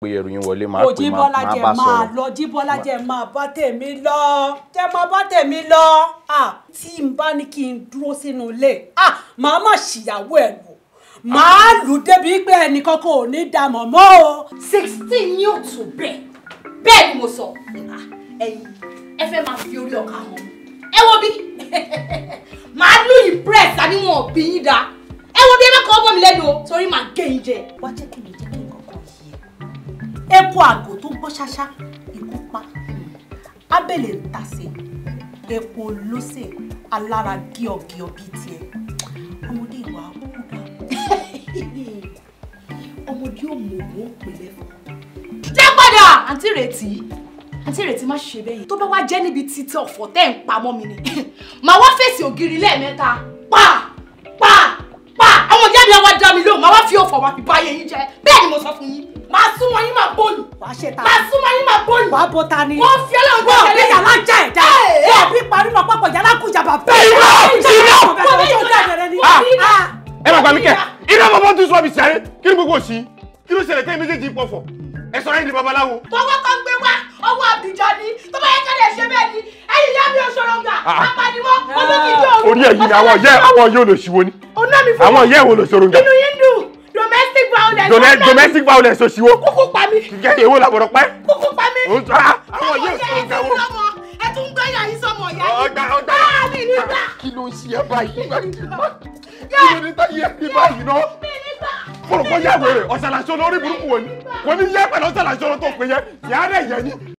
pé ẹrù yín wọlé máa pè máa bá sọ̀rọ̀. máa lọ jíbọ́lá jẹ́ máa bá tèmi lọ jẹ́ máa bá tèmi lọ tí n bá ní kí n dúró sínú ilé màá má ṣìyàwó ẹ̀ lò màá lù débi pé ẹnìkan kò ní dààmú mọ́ o. sixteen ní òtún bẹ́ẹ̀ bẹ́ẹ̀ ni mo sọ ẹ̀yin ẹ fẹ́ máa fi orí ọ̀ka hàn ẹ wo bí màá lù impress àbí wọn ò bí yín dáa ẹ wo bí ẹ bá kọ́ ọmọ mi lẹ́nu o torí màá gé yín jẹ wá jẹ́ kí mi jẹ́ kí mi epo àgò tó gbọ́ ṣáṣá ikú pa abẹ́lẹ̀ ń tàsé epo lóṣè alára gíọ̀gíọ̀ bíi tiẹ̀ ọmọdé ìwà kúkúdà ọmọdé òmùwò pèlè fún. dé padà àǹtí retí àǹtí retí má ṣe bẹ́ẹ̀ yẹn tó bá wá jẹ́ níbi títí ọ̀fọ̀ tẹ́ ń pamọ́ mi ni màá wá fèsì ògiri lẹ́ẹ̀mẹ́ta pa pa pa àwọn ìyá mi wá dá mi lóhùn màá wá fi ọ̀fọ̀ wá fi báyé yín jẹ bẹ́ẹ̀ ni mo sọ fún yín màá sún wọn yín máa bó wàá ṣe ta. màá súnmọ́ yín máa bọ́ ni. wàá bọ́ ta ni. wọ́n fi ọlọ́run tó ṣẹlẹ̀. wọ́n bí yàrá já ẹ̀dá. wọ́n bí parí ma pọ̀pọ̀ yàrá kú jàmbá bẹ́ẹ̀. irọ́ irọ́ ẹ bá gba mi kẹ irọ́ bàbá tún sọ mi sẹ́rẹ́ kí ni gbogbo òsì kí ló ṣẹlẹ̀ kẹ́yìn méjèèjì pọ̀fọ̀ ẹ sọ ẹ̀yin ni babaláwo. tọwọ kan gbé wá ọwọ́ àbíjọ ni tó bá yẹ ká lè ṣe bẹ́ẹ̀ ni ẹ̀yin yá mi òṣòròǹgà apaniwọ olókìkí òru. orí ẹ̀yin ni àwọn ọ̀yẹ́ àwọn ọ̀yẹ́ olóṣìwò ni àwọn ọ̀yẹ́ ìwòlòṣòròǹgà. inú y violence. domestic domestic violence òṣìwò. kúkú pa mí. kìkẹ́ èwo la gbọ́dọ̀ pẹ́. kúkú pa mí. òun tọ́ra ah, àwọn yóò sọ nǹkan wo. ẹ tún gbé yàrá yìí sọmọ ìyá yìí. ọgbà ọgbà ah, mi ní gbà. kí ló ń ṣe ẹ báyìí. kí ló ní táyé ẹ ní báyìí náà. kọ̀ọ̀kan yà wèrè ọ̀sàlàṣọ́ lórí burúkú wọ̀nyí. wọ́n ní yẹ́ pẹ̀lú ọ̀sàlàṣọ́ tó pè yẹ